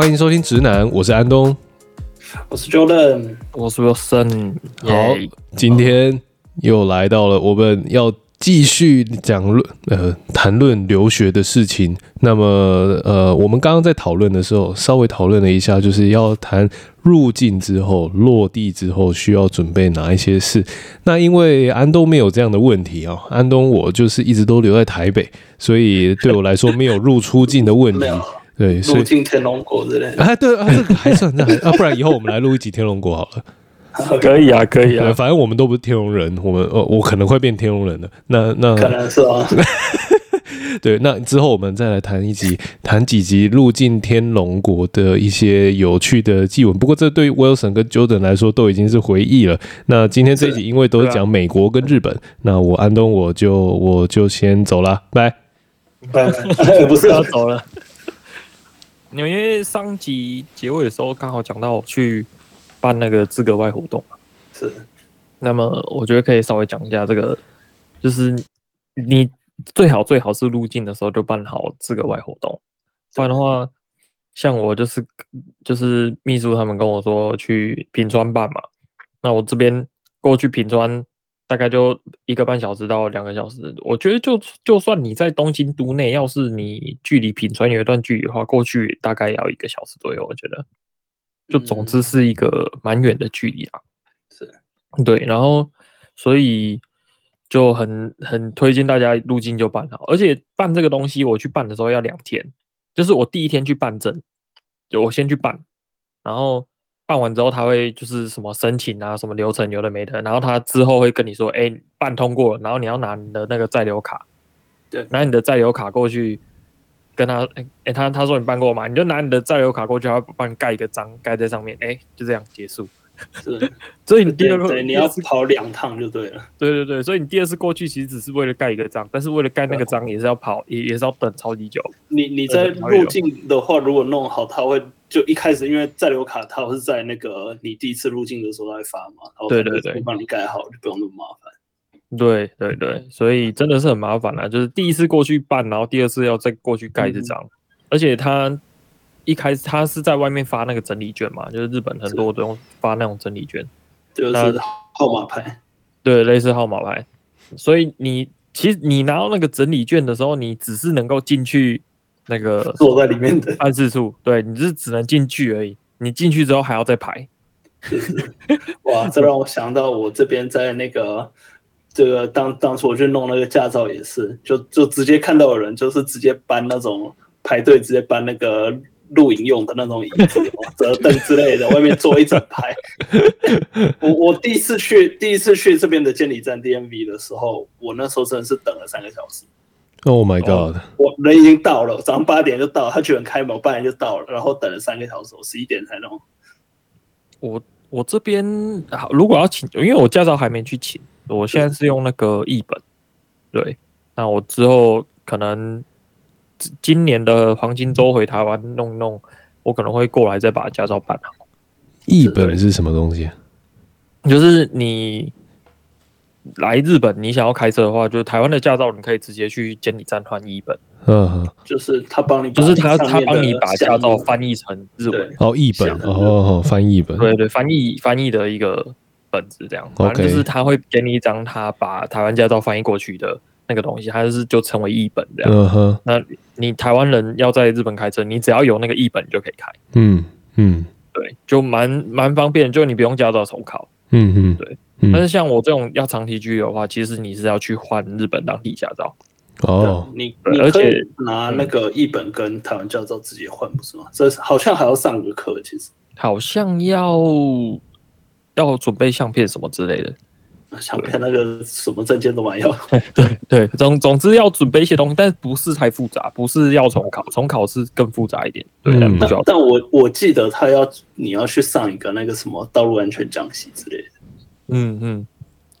歡迎收聽《直男》，我是安東，我是 Jordan，我是 Wilson。好，今天又來到了我們要繼續講論、呃，談論留學的事情。那麼，呃，我們剛剛在討論的時候，稍微討論了一下，就是要談入境之後、落地之後需要準備哪一些事。那因為安東沒有這樣的問題啊、哦，安東我就是一直都留在台北，所以對我來說沒有入出境的問題。 對，入境天龍國之類的。哎、啊，對啊，這個還算那、 啊、不然以後我們來錄一集天龍國好了。可以啊，可以啊，反正我們都不是天龍人，我們呃，我可能會變天龍人了。那那可能是啊。 對，那之後我們再來談一集，談幾集入境天龍國的一些有趣的記聞。不過，這對於 Wilson 跟 Jordan 來說都已經是回憶了。那今天這一集因為都是講美國跟日本，啊、那我安東我就我就先走了，拜拜。Bye bye 啊、不是要走了。 因為上集結尾的時候剛好講到我去辦那個資格外活動嘛，是。那麼我覺得可以稍微講一下這個，就是你最好最好是入境的時候就辦好資格外活動，不然的話，像我就是就是秘書他們跟我說去品川辦嘛，那我這邊過去品川。大概就一個半小時到兩個小時，我覺得就就算你在東京都內，要是你距離品川有一段距離的話，過去大概也要一個小時左右。我覺得，就總之是一個蠻遠的距離啊。是、嗯，對，然後所以就很很推薦大家入境就辦好，而且辦這個東西，我去辦的時候要兩天，就是我第一天去辦證，就我先去辦，然後。辦完之後，他會就是什麼申請啊，什麼流程有的沒的，然後他之後會跟你說，哎，辦通過，然後你要拿你的那個在留卡，對，拿你的在留卡過去跟他，哎，他他說你辦過嗎？你就拿你的在留卡過去，他幫你蓋一個章，蓋在上面，哎，就這樣結束。是對， 所以你第二對對，第二次，你要跑兩趟就對了。對對對，所以你第二次過去其實只是為了蓋一個章，但是為了蓋那個章也是要跑，也對也是要等超級久。你你在入境的話，如果弄好，他會。就一開始，因為在留卡，他老是在那個你第一次入境的時候他會發嘛，然後他們就幫你蓋好，就不用那麼麻煩。對對對，所以真的是很麻煩啦，就是第一次過去辦，然後第二次要再過去蓋這張，嗯、而且他一開始他是在外面發那個整理券嘛，就是日本很多都用發那種整理券，是那就是號碼牌，對，類似號碼牌。所以你其實你拿到那個整理券的時候，你只是能夠進去。那個坐在裡面的安置處，對，你是只能進去而已。你進去之後還要再排。是是，哇， 這讓我想到我這邊在那個 這個當當初我去弄那個駕照也是，就就直接看到有人就是直接搬那種排隊直接搬那個露營用的那種椅子， 折凳之類的，外面坐一整排。 我我第一次去第一次去這邊的監理站 D M V 的時候，我那時候真的是等了三個小時。Oh my god！我、oh, oh, 人已經到了，早上八點就到了，他居然開門，我八點就到了，然後等了三個小時，我十一點才弄。我我這邊好，如果要請，因為我駕照還沒去請，我現在是用那個譯本。對，對，那我之後可能今年的黃金周回台灣弄一弄，我可能會過來再把駕照辦好。譯本是什麼東西、啊？就是你。來日本，你想要開車的話，就是台灣的駕照，你可以直接去監理站換一本。嗯哼，就是他幫你，你，就是他他幫你把駕照翻譯成日文。哦，譯本，哦，哦，哦翻譯本。對對，對，翻譯翻譯的一個本子這樣。Okay. 反正就是他會給你一張他把台灣駕照翻譯過去的那個東西，他就是就成為譯本這樣。嗯哼，那你台灣人要在日本開車，你只要有那個譯本就可以開。嗯嗯，嗯對，就蠻蠻方便，就你不用駕照重考。嗯嗯對，嗯，但是像我這種要長期居留的話，其實你是要去換日本當地駕照。哦，你，而且拿那個一本跟台灣駕照直接換不且、嗯、是嗎？這好像還要上個課，其實好像要要準備相片什麼之類的。想看那個什麼證件的玩意兒對對，對，總總之要準備一些東西，但是不是太複雜？不是要重考，重考是更複雜一點。對，嗯、但但我我記得他要你要去上一個那個什麼道路安全講習之類的。嗯嗯，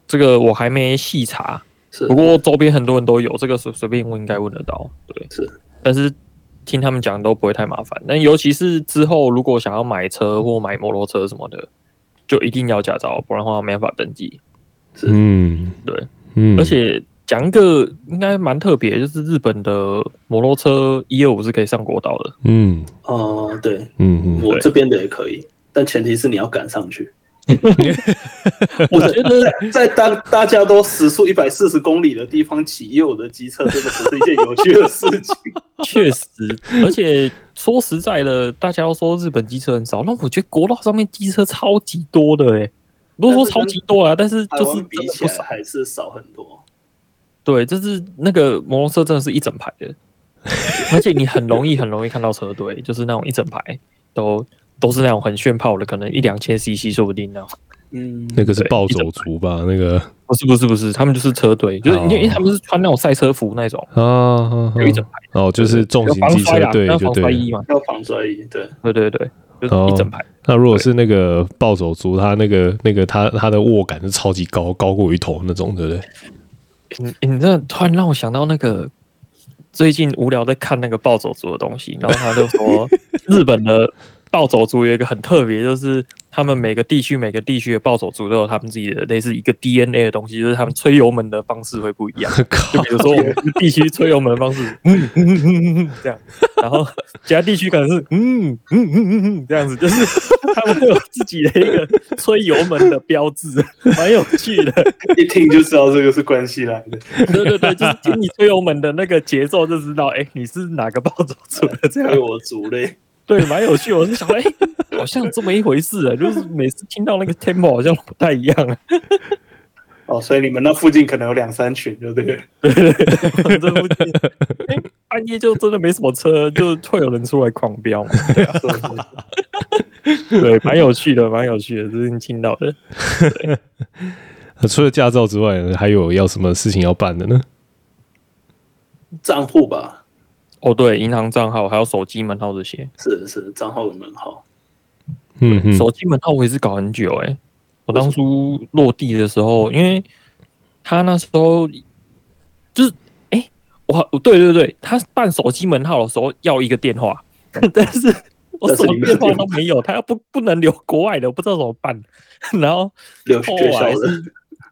這個我還沒細查，是不過周邊很多人都有這個，隨隨便問應該問得到。對，是，但是聽他們講都不會太麻煩。但尤其是之後如果想要買車或買摩托車什麼的，就一定要駕照，不然的話沒辦法登記。是嗯，對，嗯，而且講一個應該蠻特別，就是日本的摩托車一二五是可以上國道的，嗯，哦、呃，對，嗯嗯哼，我這邊的也可以，對但前提是你要趕上去。我覺得在，在大大家都時速一百四十公里的地方騎一二五的機車，真的不是一件有趣的事情。確 實，而且說實在的，大家都說日本機車很少，那我覺得國道上面機車超級多的，欸，誒。不是說超級多啊，但是就是比起來還是少很多。對，就是那個摩托車真的是一整排的，而且你很容易很容易看到車隊，就是那種一整排都都是那種很炫炮的，可能一兩千 cc 說不定呢。嗯，那個是暴走族吧？那個不是不是不是，他們就是車隊，就是因為他們是穿那種賽車服那種啊，有一整排哦，就是重型機車隊，就對，防摔衣嘛，要防摔衣，對對對對。就是一整排，哦。那如果是那個暴走族，他對那個那個他他的握感是超級高，高過一頭那種，對不對？你你這突然讓我想到那個最近無聊在看那個暴走族的東西，然後他就說 日本的。暴走族有一個很特別，就是他們每個地區每個地區的暴走族都有他們自己的類似一個 DNA 的東西，就是他們吹油門的方式會不一樣。就比如說我們地區吹油門的方式， 嗯嗯嗯 嗯這樣，然後其他地區可能是嗯嗯嗯嗯這樣子，就是他們會有自己的一個吹油門的標誌，蠻有趣的。 一聽就知道這個是關係來的。 對對對，就是聽你吹油門的那個節奏就知道，哎，你是哪個暴走族的？這樣 我族類。對，蠻有趣的。我是想，哎、欸，好像這麼一回事啊。就是每次聽到那個 tempo 好像不太一樣。哦，所以你們那附近可能有兩三群就對，對不對？對對對，這附近、欸、半夜就真的沒什麼車，就會有人出來狂飆。對、啊，蠻 有趣的，蠻有趣的，最近聽到的。啊、除了駕照之外，還有要什麼事情要辦的呢？賬戶吧。哦，oh, 對，銀行賬號還有手機門號這些，是是賬號的門號。對嗯嗯哼，手機門號我也是搞很久欸。我當初落地的時候，因為他那時候就是哎，我對，對對對，他辦手機門號的時候要一個電話，但是我什麼電話都沒有，他要不不能留國外的，我不知道怎麼辦。然後後來是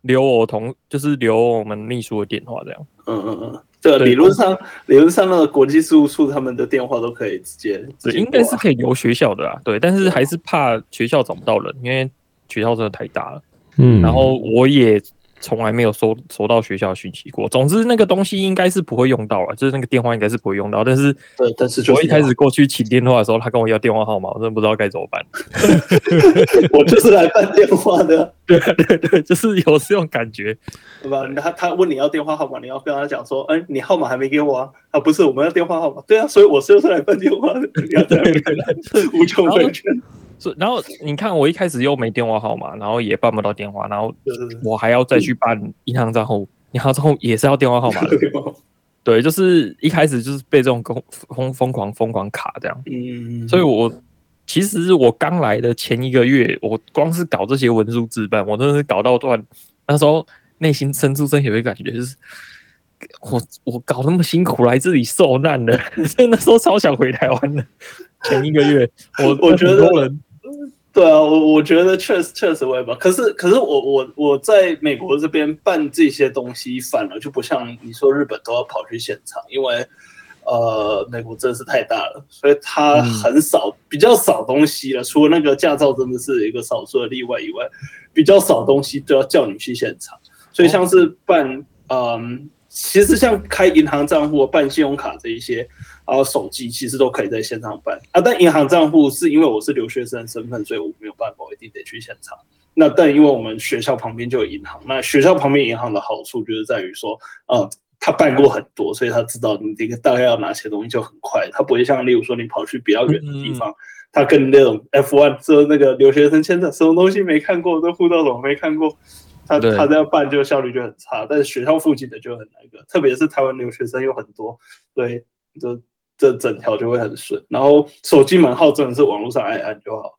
留我同，就是留我們秘書的電話這樣。嗯嗯嗯。對，理論上，對理論上，那個國際事務處他們的電話都可以直接，應該是可以留學校的啦，啊，對，但是還是怕學校找不到人，因為學校真的太大了，嗯，然後我也。.從來沒有收收到學校訊息過。總之，那個東西應該是不會用到了，就是那個電話應該是不會用到。但是，對，但是我一開始過去請電話的時候，他跟我要電話號碼，我真的不知道該怎麼辦。我就是來辦電話的，對對對，就是有這種感覺，對吧？他他問你要電話號碼，你要跟他講說，欸，你號碼還沒給我啊？啊，不是我們要電話號碼，對啊，所以我就是，是來辦電話的，你要在那邊無窮無窮是，然後你看，我一開始又沒電話號碼，然後也辦不到電話，然後我還要再去辦銀行賬戶，銀行賬戶也是要電話號碼的，對，就是一開始就是被這種瘋瘋瘋狂瘋狂卡這樣，嗯嗯嗯，所以我其實是我剛來的前一個月，我光是搞這些文書自辦，我真的是搞到斷，那時候內心深處真有一個感覺，就是我我搞那麼辛苦來這裡受難的，真的說超想回台灣的。前一個月，我我覺得。對啊，我我覺得確實確實會吧，可是可是我我我在美國這邊辦這些東西，反而就不像你說日本都要跑去現場，因為呃美國真是太大了，所以它很少、嗯、比較少東西了。除了那個駕照真的是一個少數的例外以外，比較少東西都要叫你去現場。所以像是辦、哦、嗯，其實像開銀行賬戶、辦信用卡這一些。然後手機其實都可以在線上辦啊，但銀行賬戶是因為我是留學生身份，所以我沒有辦法，我一定得去現場。那但因為我們學校旁邊就有銀行，那學校旁邊銀行的好處就是在於說，呃，他辦過很多，所以他知道你這個大概要哪些東西就很快，他不會像例如說你跑去比較遠的地方，嗯，他跟那種 F1 這那個留學生簽證什麼東西沒看過都護照都沒看過，他他這樣辦就效率就很差。對但是學校附近的就很那個，特別是台灣留學生又很多，所以就。這整條就會很順，然後手機門號真的是網絡上按一按就好。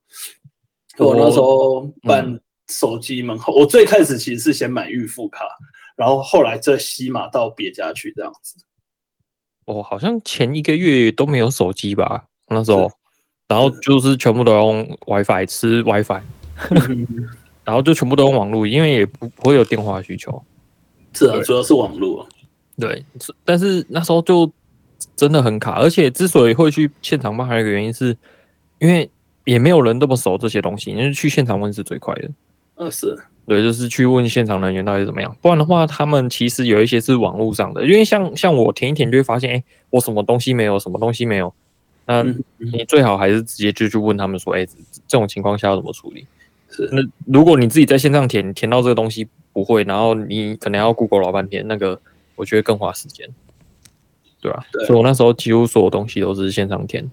我，我那時候辦手機門號，嗯、我最開始其實是先買預付卡，然後後來再攜碼到別家去這樣子。哦，好像前一個月都沒有手機吧？那時候，然後就是全部都用 WiFi 吃 WiFi、嗯、然後就全部都用網路，因為也不不會有電話需求。是、啊、主要是網路。對，但是那時候就。真的很卡，而且之所以會去現場辦，還有一個原因是，因為也沒有人那麼熟這些東西，因為去現場問是最快的。二、哦、是，對，就是去問現場人員到底怎麼樣。不然的話，他們其實有一些是網絡上的，因為像像我填一填就會發現，哎，我什麼東西沒有，什麼東西沒有。那你最好還是直接就去問他們說，哎，這種情況下要怎麼處理？是，那如果你自己在線上填，填到這個東西不會，然後你可能要 Google 老半天，那個我覺得更花時間。對啊，對。所以我那時候幾乎所有東西都是線上填。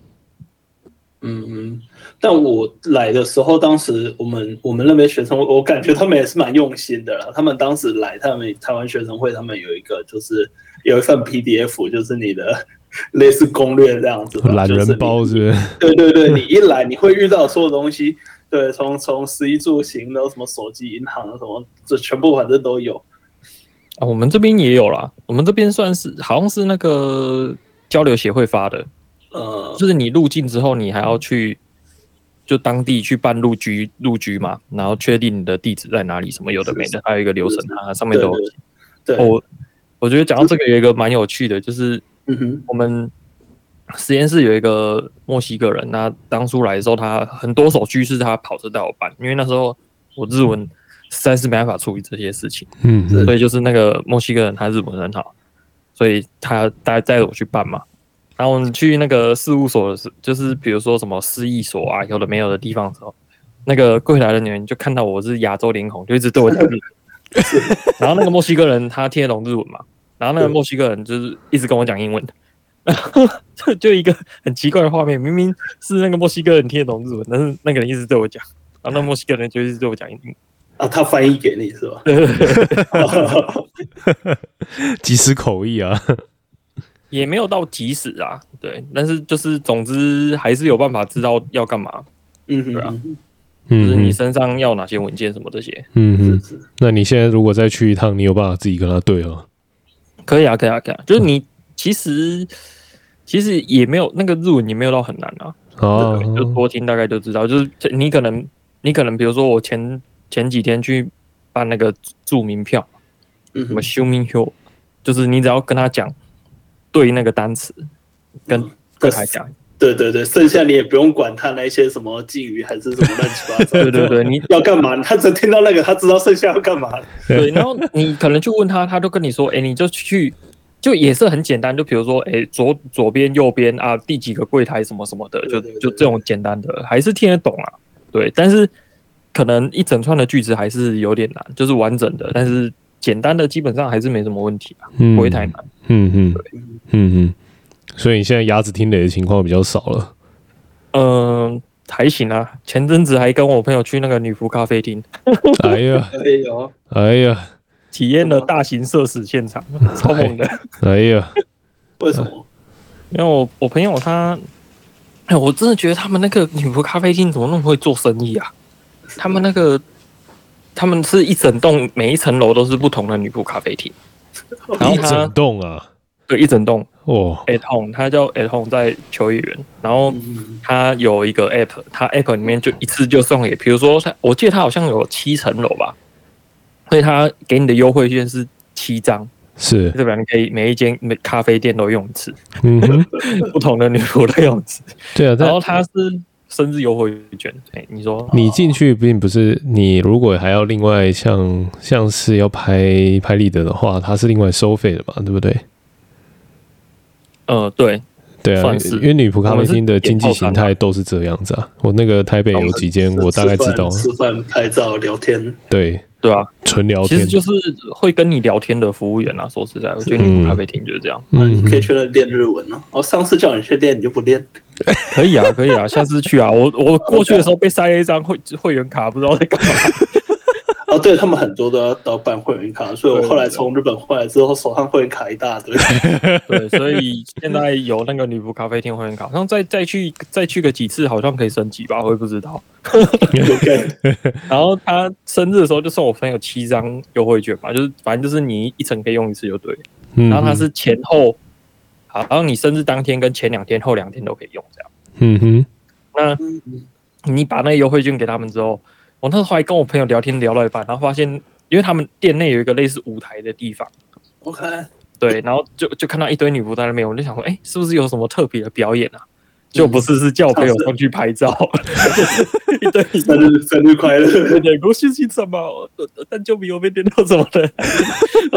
嗯嗯，但我來的時候，當時我們我們那邊學生，我感覺他們也是蠻用心的啦。他們當時來，他們台灣學生會他們有一個，就是有一份 PDF，就是你的類似攻略這樣子，懶人包是不是？對對對，你一來你會遇到所有東西， 對，從從食衣住行然後什麼手機銀行什麼，這全部反正都有。啊，我們這邊也有啦。我們這邊算是好像是那個交流協會發的，呃，就是你入境之後，你還要去、嗯、就當地去辦入居入居嘛，然後確定你的地址在哪裡，什麼有的沒的，是是還有一個流程是是啊，是是上面都有。對，對，對，對我，我我覺得講到這個有一個蠻有趣的，就是我們實驗室有一個墨西哥人，嗯、哼那當初來的時候他，他很多手續是他跑車帶我辦，因為那時候我日文，嗯實在是沒辦法處理這些事情，嗯，所以就是那個墨西哥人，他日文很好，所以他帶帶着我去辦嘛。然後我們去那個事務所的時，就是比如說什麼市役所啊，有的沒有的地方的時候，那個櫃台人員就看到我是亞洲臉孔，就一直對我講日文、 就是。然後那個墨西哥人他聽得懂日文嘛？然後那個墨西哥人就是一直跟我講英文，然 後就一個很奇怪的畫面，明明是那個墨西哥人聽得懂日文，但是那個人一直對我講，然後那個墨西哥人就一直對我講英文。啊，他翻譯給你是吧？ 即時口譯啊，也沒有到即時啊，對，但是就是總之還是有辦法知道要幹嘛，嗯哼，嗯哼，是啊，就是你身上要哪些文件什麼這些，嗯哼，那你現在如果再去一趟，你有辦法自己跟他對哦？可以啊，可以啊，可以啊，就是你其實、哦、其實也沒有那個日文，也沒有到很難啊，哦，哦，就多聽大概就知道，就是你可能你可能比如說我前。前幾天去辦那個住民票，什麼休名票，就是你只要跟他講對那個單詞，嗯、跟櫃台講，對對對，剩下你也不用管他那些什麼金魚還是什麼亂七八糟，對對對你，你要幹嘛？他只聽到那個，他知道剩下要幹嘛。對，然後你可能就問他，他都跟你說，誒、欸，你就去，就也是很簡單，就比如說，哎、欸，左左邊、右邊啊，第幾個櫃台什麼什麼的，對對對對，就就這種簡單的還是聽得懂啊，對，但是。可能一整串的句子還是有點難，就是完整的，但是簡單的基本上還是沒什麼問題吧、啊，嗯、不會太難。嗯哼對嗯，嗯嗯。所以你現在鴨子聽雷的情況比較少了。嗯、呃，還行啊。前陣子還跟我朋友去那個女僕咖啡廳。哎呀呦， 哎呀哎呀，體驗了大型社死現場，哎、超猛的。哎呀呦， 為什麼？啊、因為我我朋友他，哎、欸，我真的覺得他們那個女僕咖啡廳怎麼那麼會做生意啊？他們那個，他們是一整棟，每一層樓都是不同的女僕咖啡廳。然後他一整棟啊，對，一整棟。哦，At Home，它叫 At Home，在秋葉原。然後它有一個 App，它 App 裡面就一次就送給，比如說，它，我記得它好像有七層樓吧，所以它給你的優惠券是七張，是，要不然你可以每一間每咖啡店都用一次，嗯哼， 不同的女僕都用一次。對啊，然後它是。嗯生日優惠券，哎，你說你進去並不是你，如果還要另外像像是要拍拍立得的話，它是另外收費的嘛，對不對？嗯、呃，對。算對啊，因為女僕咖啡廳的經濟形態都是這樣子啊。啊、我那個台北有幾間，我大概知道。吃飯、拍照、聊天，對對啊，純聊天。其實就是會跟你聊天的服務員啊。說實在的，我覺得女僕咖啡廳就是這樣。嗯，你可以去那練日文啊。我上次叫你去練，你就不練。可以啊，可以啊，下次去啊。 我我過去的時候被塞了一張會會員卡，不知道在幹嘛。 Oh, 對，他們很多都要辦會員卡，所以我後來從日本回來之後，手上會員卡一大堆。對，對，對，所以現在有那個女僕咖啡廳會員卡，然後再再去再去個幾次，好像可以升級吧？我也不知道。You can. 然後他生日的時候就送我朋友七張優惠券嘛，就是反正就是你一層可以用一次就對。嗯、哼然後他是前後，好，然後你生日當天跟前兩天、後兩天都可以用這樣。嗯哼，那你把那個優惠券給他們之後。我那時候還跟我朋友聊天聊了一半，然後發現，因為他們店內有一個類似舞台的地方，OK，對，然後就就看到一堆女僕在那邊，我就想說，哎、欸，是不是有什麼特別的表演啊？嗯、就不是，是叫我朋友上去拍照，嗯、一堆生 日、日快樂，點是去欣賞吧，但就沒有被電到什麼的，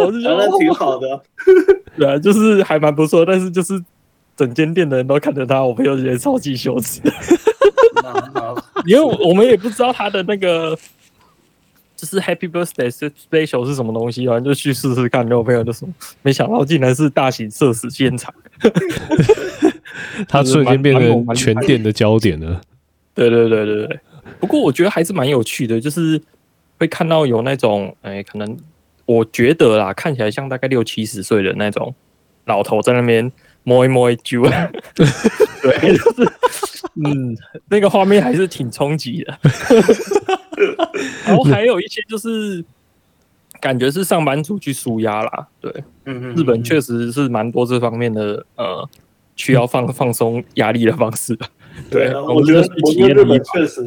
我 就覺得挺好的， 對，就是還蠻不錯，但是就是整間店的人都看着他，我朋友也超級羞恥。 因為我們也不知道他的那個就是 Happy Birthday Special 是什麼東西，然後就去試試看。然後朋友就說：“沒想到竟然是大型社死現場， 他瞬間變成全店的焦點了。”對對對對對、對。不過我覺得還是蠻有趣的，就是會看到有那種，哎，可能我覺得啦，看起來像大概六七十歲的那種老頭在那邊摸一摸一揪，對，就是。 嗯、啊，那個畫面還是挺衝擊的。 然後還有一些就是感覺是上班族去舒壓啦，對，嗯嗯，日本確實是蠻多這方面的呃，需要放放鬆壓力的方式的。嗯嗯，對，我覺得我覺得日本確實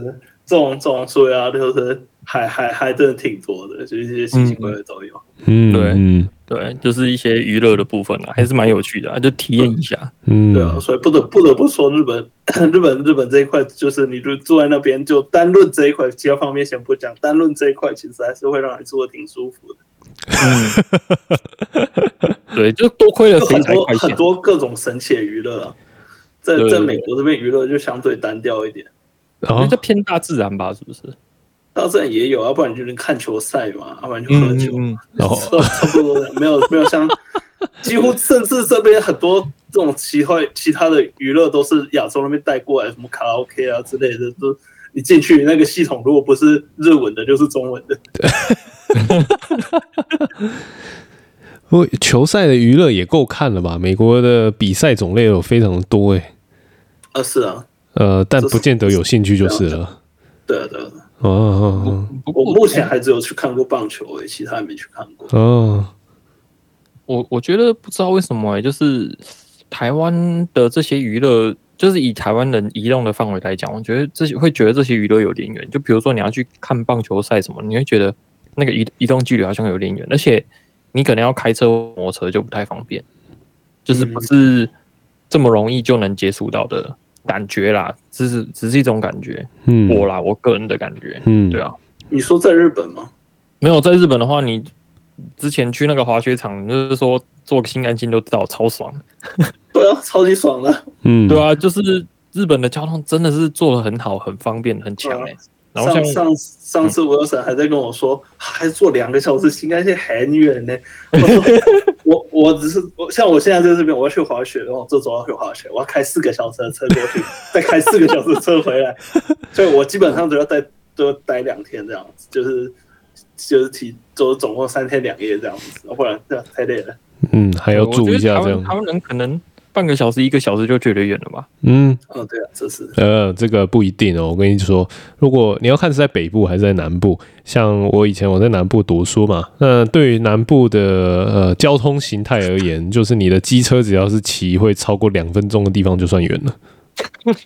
這種這種舒壓，就是還還還真的挺多的，就是這些奇奇怪怪都有。嗯，嗯對。對，就是一些娛樂的部分啊，還是蠻有趣的啊，就體驗一下。嗯，對啊，所以不得不得不說日本，呵呵，日本，日本這一塊，就是你就坐在那邊，就單論這一塊，其他方面先不講，單論這一塊，其實還是會讓人坐的挺舒服的。哈、嗯、 對，就多虧了很多很多各種神奇的娛樂，啊。在對對對在美國這邊娛樂就相對單調一點，啊、因為就偏大自然吧，是不是？當然也有，要不然你就能看球賽嘛，要不然就喝酒。然後、嗯嗯哦、差不多沒有沒有像 幾乎甚至這邊很多這種奇怪其他的娛樂都是亞洲那邊帶過來，什麼卡拉 OK 啊之類的。都你進去那個系統，如果不是日文的，就是中文的。不對 球賽的娛樂也夠看了吧？美國的比賽種類有非常多誒、欸。啊，是啊。呃，但不見得有興趣就是了。是是對啊，對啊。對啊對啊哦，哦哦，不過目前還只有去看過棒球誒、欸，其他還沒去看過。哦、oh.，我我覺得不知道為什麼誒、欸，就是台灣的這些娛樂，就是以台灣人移動的範圍來講，我覺得這些會覺得這些娛樂有點遠。就比如說你要去看棒球賽什麼，你會覺得那個移移動距離好像有點遠，而且你可能要開車、摩托車就不太方便，就是不是這麼容易就能接觸到的。Mm hmm. 感覺啦，只是只是一種感覺，嗯，我啦，我個人的感覺，嗯，對啊，你說在日本嗎？沒有，在日本的話，你之前去那個滑雪場，就是說坐新幹線都知道，超爽， 對啊，超級爽的，嗯， 對啊，就是日本的交通真的是做得很好，很方便，很強誒、欸。然後上上，上次我有嬸還在跟我說，嗯、還坐兩個小時，新幹線很遠呢。我說我，我只是我像我現在在這邊，我要去滑雪然後這周要去滑雪，我要開四個小時的車過去， 再開四個小時的車回來，所以我基本上都要待，都要待兩天這樣子，就是就是體就總共三天兩夜這樣子，然不然這樣、啊、太累了。嗯，還要住一下這樣。嗯、他，們他們人可能。半個小時、一個小時就覺得遠了吧。嗯，哦，對啊，這是，呃，這個不一定哦、喔。我跟你說，如果你要看是在北部還是在南部，像我以前我在南部讀書嘛，那對於南部的呃交通形態而言，就是你的機車只要是騎會超過兩分鐘的地方，就算遠了。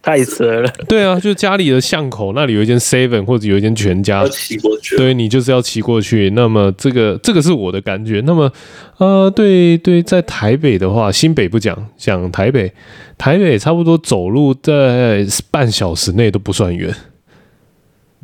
太扯了，對啊，就家裡的巷口那裡有一間 Seven 或者有一間全家，騎過去，對你就是要騎過去。那麼這個這個是我的感覺。那麼，啊、呃，對對，在台北的話，新北不講，講台北，台北差不多走路在半小時內都不算遠。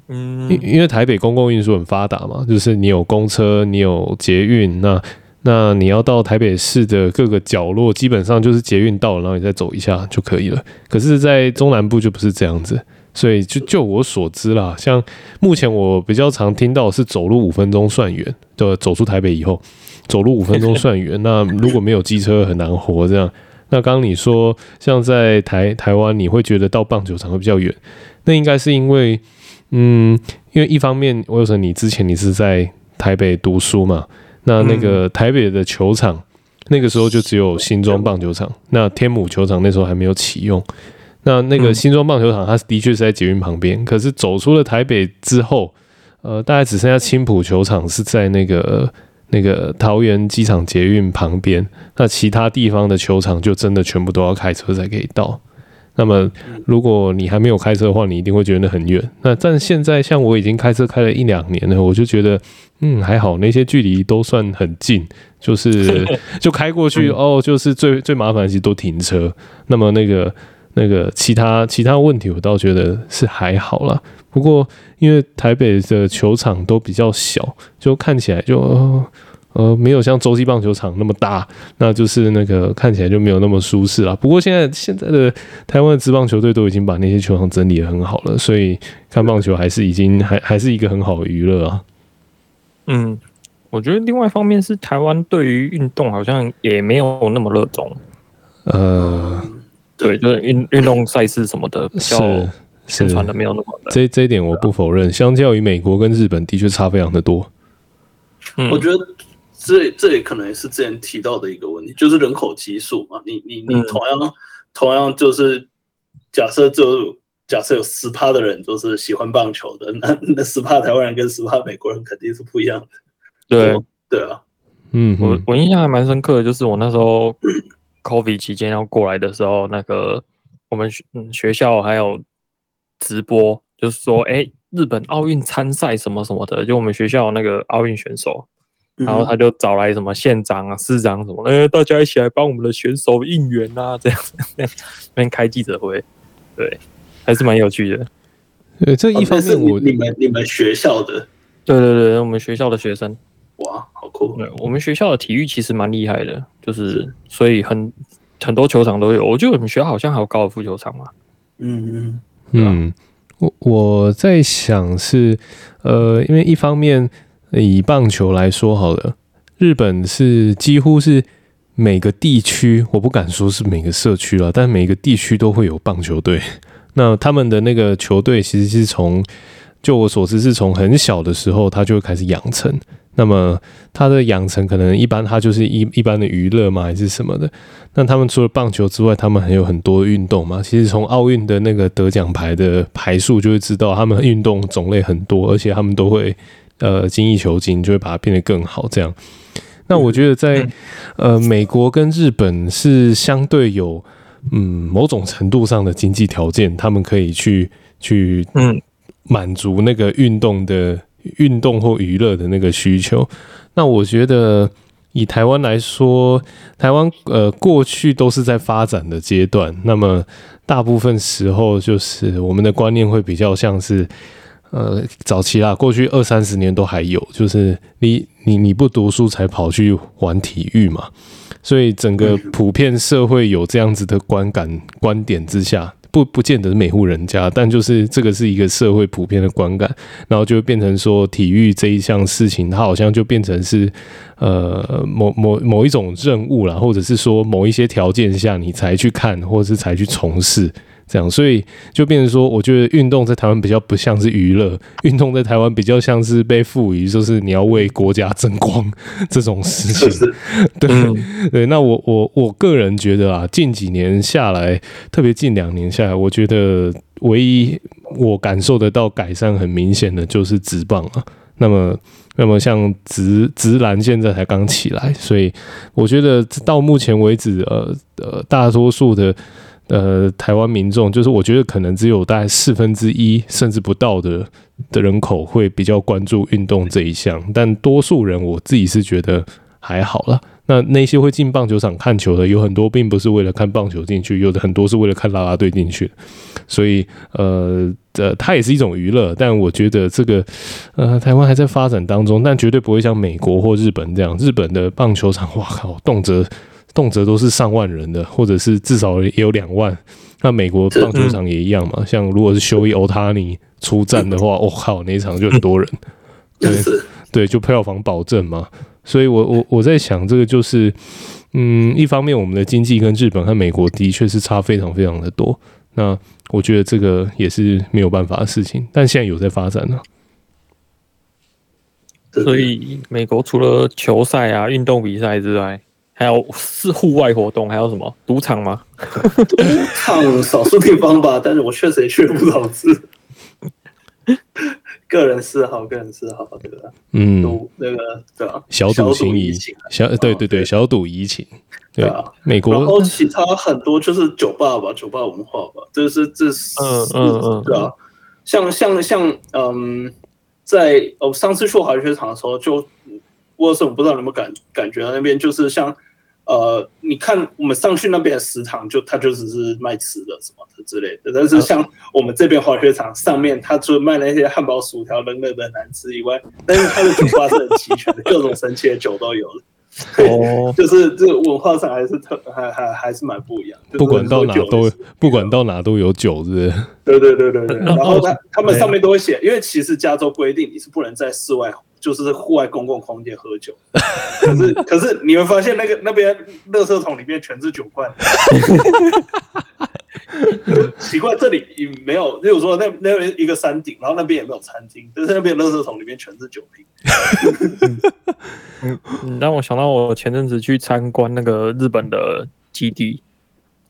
嗯，因因為台北公共運輸很發達嘛，就是你有公車，你有捷運那。那你要到台北市的各個角落，基本上就是捷運到了，然後你再走一下就可以了。可是，在中南部就不是這樣子，所以就就我所知啦，像目前我比較常聽到是走路五分鐘算遠的，就走出台北以後，走路五分鐘算遠。 那如果沒有機車很難活這樣。那剛剛你說，像在台台灣，你會覺得到棒球場會比較遠，那應該是因為，嗯，因為一方面我有時候你之前你是在台北讀書嘛。那那個台北的球場，那個時候就只有新莊棒球場，那天母球場那時候還沒有啟用。那那個新莊棒球場，它的確是在捷運旁邊。可是走出了台北之後，呃，大概只剩下青埔球場是在那個那個桃園機場捷運旁邊。那其他地方的球場，就真的全部都要開車才可以到。那麼，如果你還沒有開車的話，你一定會覺得很遠。那但現在像我已經開車開了一兩年了，我就覺得，嗯，還好那些距離都算很近，就是就開過去 哦，就是最最麻煩的是都停車。那麼那個那個其他其他問題，我倒覺得是還好啦。不過因為台北的球場都比較小，就看起來就。哦呃，沒有像洲際棒球場那麼大，那就是那個看起來就沒有那麼舒適啦。不過現在現在的台灣的職棒球隊都已經把那些球場整理得很好了，所以看棒球還是已經還還是一個很好的娛樂啊。嗯，我覺得另外一方面是台灣對於運動好像也沒有那麼熱衷。呃，對，就是運運動賽事什麼的，比較宣是傳的是沒有那麼，這這一點我不否認，啊、相較於美國跟日本，的確差非常的多。嗯，我覺得。這這也可能也是之前提到的一個問題，就是人口基數嘛。你你你同樣、嗯、同樣就是假設就假設有十趴的人就是喜歡棒球的，那那十趴台灣人跟十趴美國人肯定是不一樣的。對對啊，嗯哼，我我印象還蠻深刻的，就是我那時候 COVID 期間要過來的時候，嗯、哼那個我們學、嗯、學校還有直播，就是說，哎、欸，日本奧運參賽什麼什麼的，就我們學校那個奧運選手。然後他就找來什麼縣長啊、市長什麼的，的，大家一起來幫我們的選手應援啊，這樣子，邊開記者會，對，還是蠻有趣的。呃，這一方面我，我、哦、你，你們你們學校的，對對對，我們學校的學生，哇，好酷。對，我們學校的體育其實蠻厲害的，就是所以很很多球場都有。我覺得我們學校好像還有高爾夫球場嘛。嗯嗯、啊、嗯，我我在想是，呃，因為一方面。以棒球來說好了，日本是幾乎是每個地區，我不敢說是每個社區了，但每個地區都會有棒球隊。那他們的那個球隊其實是從，就我所知是從很小的時候他就會開始養成。那麼他的養成可能一般他就是一一般的娛樂嘛，還是什麼的。那他們除了棒球之外，他們還有很多運動嘛。其實從奧運的那個得獎牌的牌數就會知道，他們運動種類很多，而且他們都會。呃，精益求精，就會把它變得更好。這樣，那我覺得在呃，美國跟日本是相對有嗯某種程度上的經濟條件，他們可以去去嗯滿足那個運動的運動或娛樂的那個需求。那我覺得以台灣來說，台灣呃過去都是在發展的階段，那麼大部分時候就是我們的觀念會比較像是。呃，早期啦，過去二三十年都還有，就是你你你不讀書才跑去玩體育嘛，所以整個普遍社會有這樣子的觀感、嗯、觀點之下，不不見得每戶人家，但就是這個是一個社會普遍的觀感，然後就變成說，體育這一項事情，它好像就變成是呃某某某一種任務啦，或者是說某一些條件下你才去看，或者是才去從事。這樣，所以就變成說，我覺得運動在台灣比較不像是娛樂，運動在台灣比較像是被賦予，就是你要為國家爭光這種事情。這是 對對，嗯、那我我我個人覺得啊，近幾年下來，特別近兩年下來，我覺得唯一我感受得到改善很明顯的，就是職棒啊。那麼，那麼像職職籃現在才剛起來，所以我覺得到目前為止，呃呃，大多數的。呃，台灣民眾就是，我覺得可能只有大概四分之一甚至不到的的人口會比較關注運動這一項，但多數人我自己是覺得還好了。那那些會進棒球場看球的，有很多並不是為了看棒球進去，有的很多是為了看拉拉隊進去，所以呃呃，它也是一種娛樂。但我覺得這個呃，台灣還在發展當中，但絕對不會像美國或日本這樣，日本的棒球場，哇靠，動輒。動輒都是上萬人的，或者是至少也有兩萬。那美國棒球場也一樣嘛？嗯、像如果是修一歐塔尼出戰的話，我、嗯哦、靠，那一場就很多人。嗯、對、嗯、對，就票房保證嘛。所以我，我我我在想，這個就是，嗯，一方面我們的經濟跟日本和美國的確是差非常非常的多。那我覺得這個也是沒有辦法的事情。但現在有在發展呢、啊。所以，美國除了球賽啊、運動比賽之外，還有是戶外活動，還有什麼賭場嗎？賭 場 少數地方吧，但是我確實也去了不少次。 個人嗜好，個人嗜好，對吧？嗯，賭那個，對吧？小賭怡小情，小對對對，對小賭怡情，對，對啊。美國，然後其他很多就是酒吧吧，酒吧文化吧，這、就是這、就是嗯嗯嗯，對吧？像像像嗯，在我、哦、上次去滑雪場的時候，就我，森，我不知道你們感感覺那邊就是像。呃，你看我們上去那邊的食堂就，就它就只是賣吃的什麼的之類的。但是像我們這邊滑雪場上面，它除了賣那些漢堡、薯條、等等的難吃以外，但是它的酒吧是很齊全的， 各種神奇的酒都有對。哦， 就是這個文化上還是特還還還是蠻不一樣的。不管到哪都不管到哪都有酒，是？對對，對對對對對。然後他他們上面都會寫，有因為其實加州規定你是不能在室外。就是戶外公共空間喝酒，可是可是你會發現那個那邊垃圾桶裡面全是酒罐。 奇怪這裡也沒有，例如說那那邊一個山頂，然後那邊也沒有餐廳，但是那邊垃圾桶裡面全是酒瓶，你讓我想到我前陣子去參觀那個日本的基地，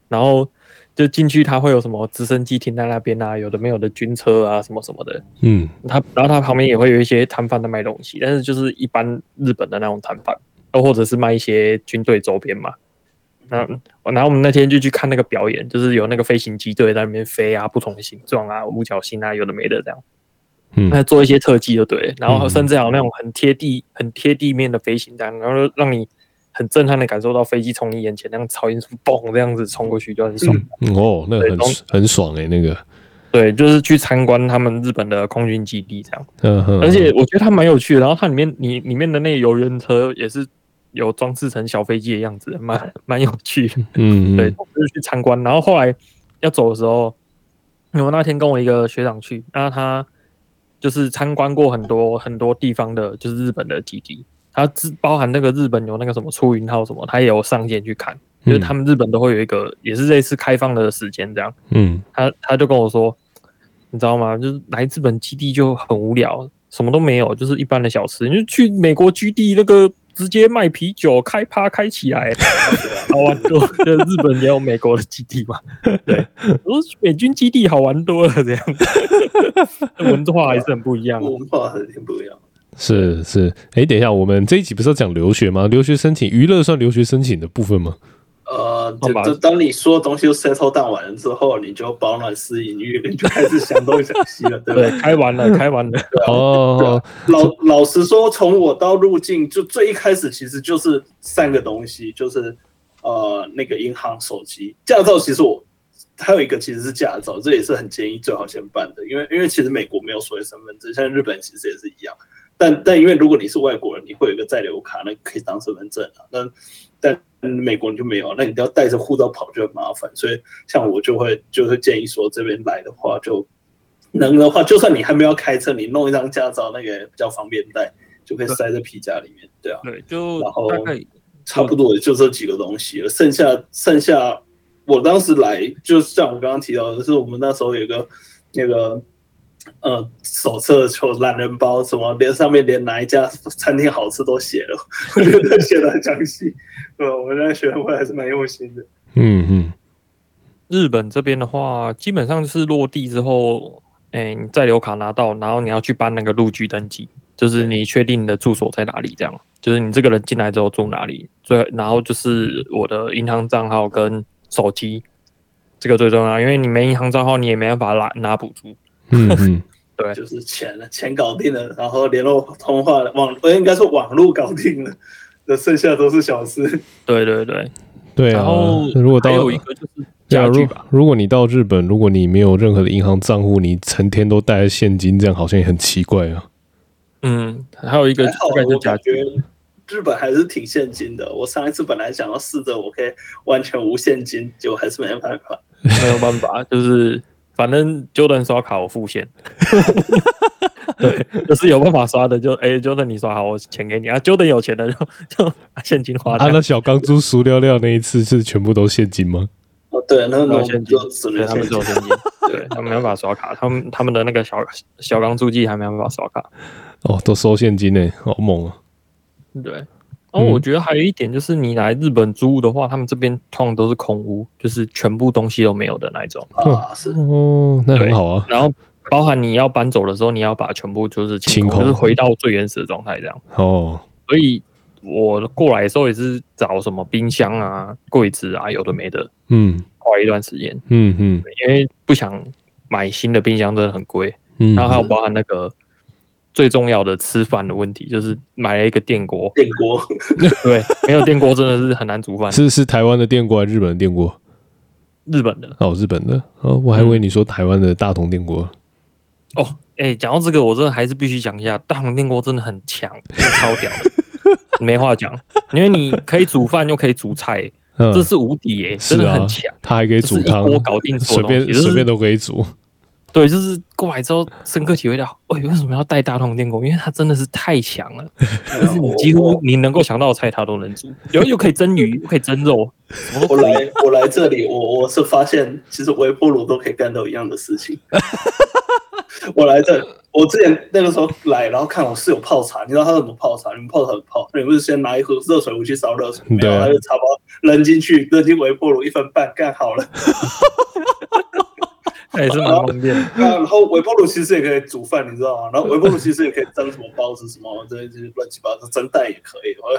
然後。就進去，他會有什麼直升機停在那邊啊，有的沒有的軍車啊，什麼什麼的。嗯，他然後他旁邊也會有一些攤販在賣東西，但是就是一般日本的那種攤販，或者是賣一些軍隊周邊嘛。那、嗯嗯、然後我們那天就去看那個表演，就是有那個飛行機隊在裡面飛啊，不同的形狀啊，五角星啊，有的沒的這樣。嗯，那做一些特技就對了，然後甚至還有那種很貼地、很貼地面的飛行彈，然後讓你。很震撼的感受到飛機從你眼前那樣超音速嘣，這樣子衝過去就很爽。嗯嗯、哦，那很很爽哎、欸，那個對，就是去參觀他們日本的空軍基地這樣，啊啊、而且我覺得它蠻有趣的。然後它裡面裡裡面的那個遊輪車也是有裝飾成小飛機的樣子，蠻蠻有趣的。嗯，嗯，對，就是去參觀。然後後來要走的時候，因為我那天跟我一個學長去，然後他就是參觀過很多很多地方的，就是日本的基地。他只包含那個日本有那個什麼出雲號什麼，他也有上艦去看，嗯、就是他們日本都會有一個，也是類似開放的時間這樣。嗯，他他就跟我說，你知道嗎？就是來日本基地就很無聊，什麼都沒有，就是一般的小吃。你就去美國基地，那個直接賣啤酒，開趴開起來，好玩多。 就日本也有美國的基地嘛？對， 我說美軍基地好玩多了這樣子。文化 還是很不一樣、啊，文化很不一樣的。是是，哎，等一下，我們這一集不是要講留學嗎？留學申請，娛樂算留學申請的部分嗎？呃，對吧，就就，當你說的東西都 settle down 完了之後，你就飽暖思淫欲，你就開始想東想西了， 對對吧，開完了， 開完了。啊、哦，啊、哦老說老實說，從我到入境，就最一開始其實就是三個東西，就是呃，那個銀行、手機、駕照。其實我還有一個，其實是駕照，這也是很建議最好先辦的，因為因為其實美國沒有所謂身份證，像日本其實也是一樣。但但因為如果你是外國人，你會有個在留卡，那可以當身份證啊。那但但美國人就沒有，那你都要帶着護照跑就很麻煩。所以像我就會就是建議說，這邊來的話，就能的話，就算你還沒有開車，你弄一張駕照，那個比較方便帶，就可以塞在皮夾裡面。對啊，對，就然後差不多就這幾個東西了。對剩下剩下我當時來，就像我剛剛提到的是，我們那時候有一個那個。呃，手冊就懶人包，什麼連上面連哪一家餐廳好吃都寫了，我覺得寫的很詳細，啊，我我在學，我還是蠻用心的。嗯嗯，嗯日本這邊的話，基本上是落地之後，哎、欸，你在留卡拿到，然後你要去辦那個入居登記，就是你確定你的住所在哪裡，這樣，就是你這個人進來之後住哪裡，最然後就是我的銀行賬號跟手機，這個最重要，因為你沒銀行賬號，你也沒辦法拿拿補助。嗯，嗯，對，就是錢了，錢搞定了，然後聯絡通話了網，哎，應該是網絡搞定了，那剩下都是小事。對對對，對啊，然後如果到了還有一個就是，對啊，如果如果你到日本，如果你沒有任何的銀行賬戶，你成天都帶着現金，這樣好像也很奇怪啊。嗯，還有一個，我感覺日本還是挺現金的。 我上一次本來想要試着我可以完全無現金，就還是沒辦法，沒有辦法，就是。反正 Jordan 刷卡，我付現，哈哈哈。對， 就是有辦法刷的就，就、欸、哎，Jordan 你刷好，我錢給你啊。Jordan 有錢的就就現金花。啊，那小鋼珠輸掉掉那一次是全部都現金嗎？哦，對，那個沒有現金，對，他們只有沒辦法刷卡，他們他們的那個小小鋼珠機還沒有辦法刷卡。哦，都收現金呢，好猛啊！對。哦，我覺得還有一點就是，你來日本租屋的話，他們這邊通常都是空屋，就是全部東西都沒有的那一種。啊，是哦，那很好啊。然後包含你要搬走的時候，你要把全部就是清空，就是回到最原始的狀態這樣。哦，所以我過來的時候也是找什麼冰箱啊、櫃子啊，有的沒的。嗯，花一段時間。嗯嗯，因為不想買新的冰箱真的很貴。嗯，然後還有包含那個。最重要的吃飯的問題，就是買了一個電鍋，電鍋鍋 對，沒有電鍋真的是很難煮飯。 是是台灣的電鍋還是日本的電鍋？日本的哦，日本的哦，我還以為你說台灣的大同電鍋，嗯、哦。哎，欸，講到這個，我真的還是必須講一下大同電鍋真的很強，超屌的， 沒話講。因為你可以煮飯又可以煮菜，欸，嗯，這是無敵耶，欸，真的很強。它，啊，還可以煮湯，鍋搞定，隨便隨，就是，便都可以煮。對，就是過來之後，深刻體會到，哎，為什麼要帶大同電鍋？因為它真的是太強了，啊、幾乎你能夠想到的菜，他都能煮，然後又可以蒸魚，又可以蒸肉。我來，我來這裡，我 我是發現，其實微波爐都可以幹到一樣的事情。 我來這裡，我之前那個時候來，然後看我室友泡茶，你知道他怎麼泡茶？你們泡茶很泡？你們不是先拿一壺熱水，我去燒熱水，然後把茶包扔進去，扔進微波爐一分半乾好了。 啊、然後、欸我啊，然後微波爐其實也可以煮飯，你知道嗎？然後微波爐其實也可以蒸什麼包子什麼這些這亂七八糟，蒸蛋也可以。我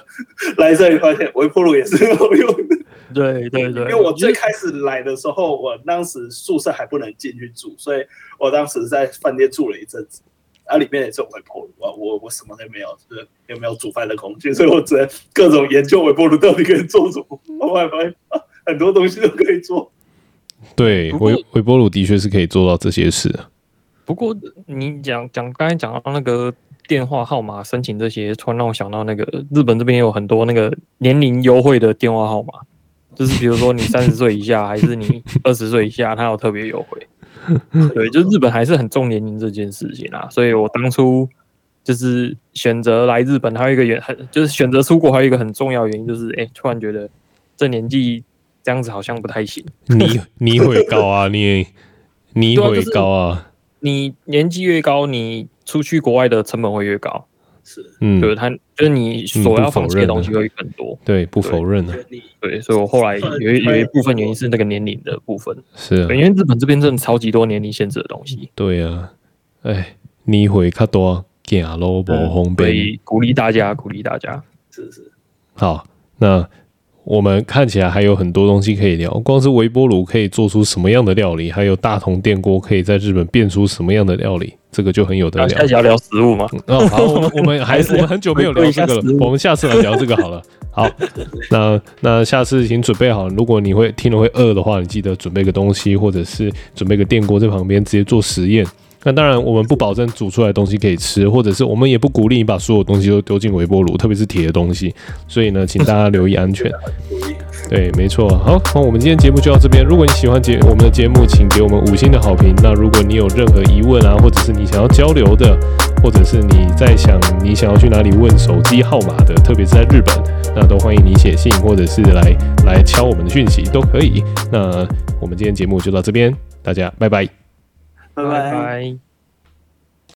來這裡發現微波爐也是有用的。對對對，因為我最開始來的時候，我當時宿舍還不能進去住，所以我當時在飯店住了一陣子，然、啊、後裡面也是有微波爐啊，我我什麼都沒有，就是也沒有煮飯的工具，所以我只能各種研究微波爐到底可以做什麼。我還發現很多東西都可以做。對，不過微微波爐的確是可以做到這些事。不過你講講剛才講到那個電話號碼申請這些，突然讓我想到那個日本這邊也有很多那個年齡優惠的電話號碼，就是比如說你三十歲以下， 還是你二十歲以下，他有特別優惠。 對，就日本還是很重年齡這件事情啊。所以我當初就是選擇來日本，還有一個原，就是選擇出國，還有一個很重要原因就是，哎、欸，突然覺得這年紀。這樣子好像不太行 你。你你會高啊，你你會高啊。啊就是、你年紀越高，你出去國外的成本會越高。是，對嗯，就是他，就是你所要放棄的東西會更多。嗯、對，不否認的。對，所以，我後來有一有一部分原因是那個年齡的部分。是、啊，因為日本這邊真的超級多年齡限制的東西。對啊，哎，你會看多假蘿蔔，所以鼓勵大家，鼓勵大家，是是。好，那。我們看起來還有很多東西可以聊，光是微波爐可以做出什麼樣的料理，還有大同電鍋可以在日本變出什麼樣的料理，這個就很有得聊。大家要聊食物嗎？嗯，好、哦 哦，我們我們還是我們很久沒有聊這個了，我們下次來聊這個好了。好，那那下次請準備好了，如果你會聽了會餓的話，你記得準備個東西，或者是準備個電鍋在旁邊，直接做實驗。那當然，我們不保證煮出來的東西可以吃，或者是我們也不鼓勵你把所有東西都丟進微波爐，特別是鐵的東西。所以呢，請大家留意安全。對，沒錯。好，那我們今天節目就到這邊。如果你喜歡節我們的節目，請給我們五星的好評。那如果你有任何疑問啊，或者是你想要交流的，或者是你在想你想要去哪裡問手機號碼的，特別是在日本，那都歡迎你寫信，或者是來來敲我們的訊息都可以。那我們今天節目就到這邊，大家拜拜。拜拜。